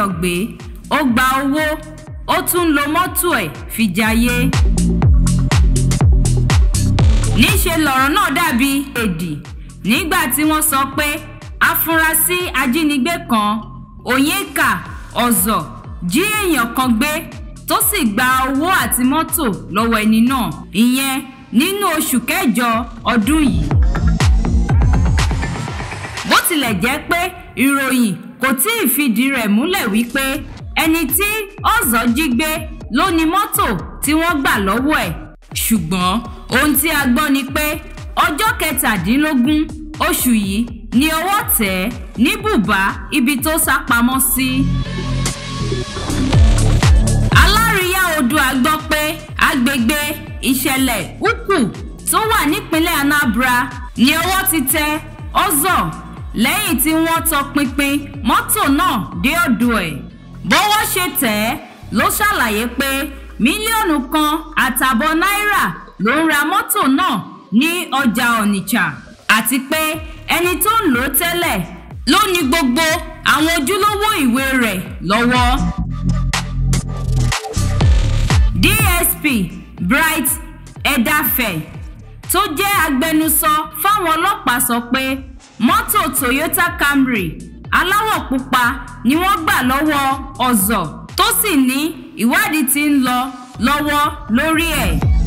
èèyàn gbé ó gba owó ó tún ń lo mọ́tò ẹ̀ fi jayé. níṣe lọ̀rọ̀ náà dàbí èdì nígbà tí wọ́n sọ pé afurasí ajínigbé kan Onyeka Ọ̀zọ̀ jí èèyàn kan gbé tó sì gba owó àti mọ́tò lọ́wọ́ ẹni náà ìyẹn nínú oṣù kẹjọ ọdún yìí. bó tilẹ̀ jẹ́ pé ìròyìn kò tí ì fìdí rẹ̀ múlẹ̀ wípé ẹni tí ọ̀zọ́ jí gbé ló ni mọ́tò tí wọ́n gbà lọ́wọ́ ẹ̀ ṣùgbọ́n ohun tí a gbọ́ ni pé ọjọ́ kẹtàdínlógún oṣù yìí ni ọwọ́ tẹ̀ ẹ́ ní bùbá ibi tó sá pamọ́ sí. alárìíyá odò a pé agbègbè ìṣẹ̀lẹ̀ ukwu tó wà nípínlẹ̀ anambra ni ọwọ́ ti tẹ̀ ọ́zọ̀ lẹ́yìn tí wọ́n tọpinpin mọ́tò náà dé ọ̀dọ̀ ẹ̀ bọ́wọ́ ṣe tẹ̀ ẹ́ ló ṣàlàyé pé mílíọ̀nù kan àtààbọ̀ náírà ló ń ra mọ́tò náà ní ọjà Onitsha àti pé ẹni tó ń lò ó tẹ́lẹ̀ ló ní gbogbo àwọn ojúlówó ìwé rẹ̀ lọ́wọ́. DSP Bright Edafe tó jẹ́ agbẹnusọ fáwọn ọlọ́pàá sọ pé mọ́tò toyota camry aláwọ̀ pupa ni wọ́n gbà lọ́wọ́ ọ̀zọ̀ tó sì ní ìwádìí tí ń lọ lọ́wọ́ lórí ẹ̀. E.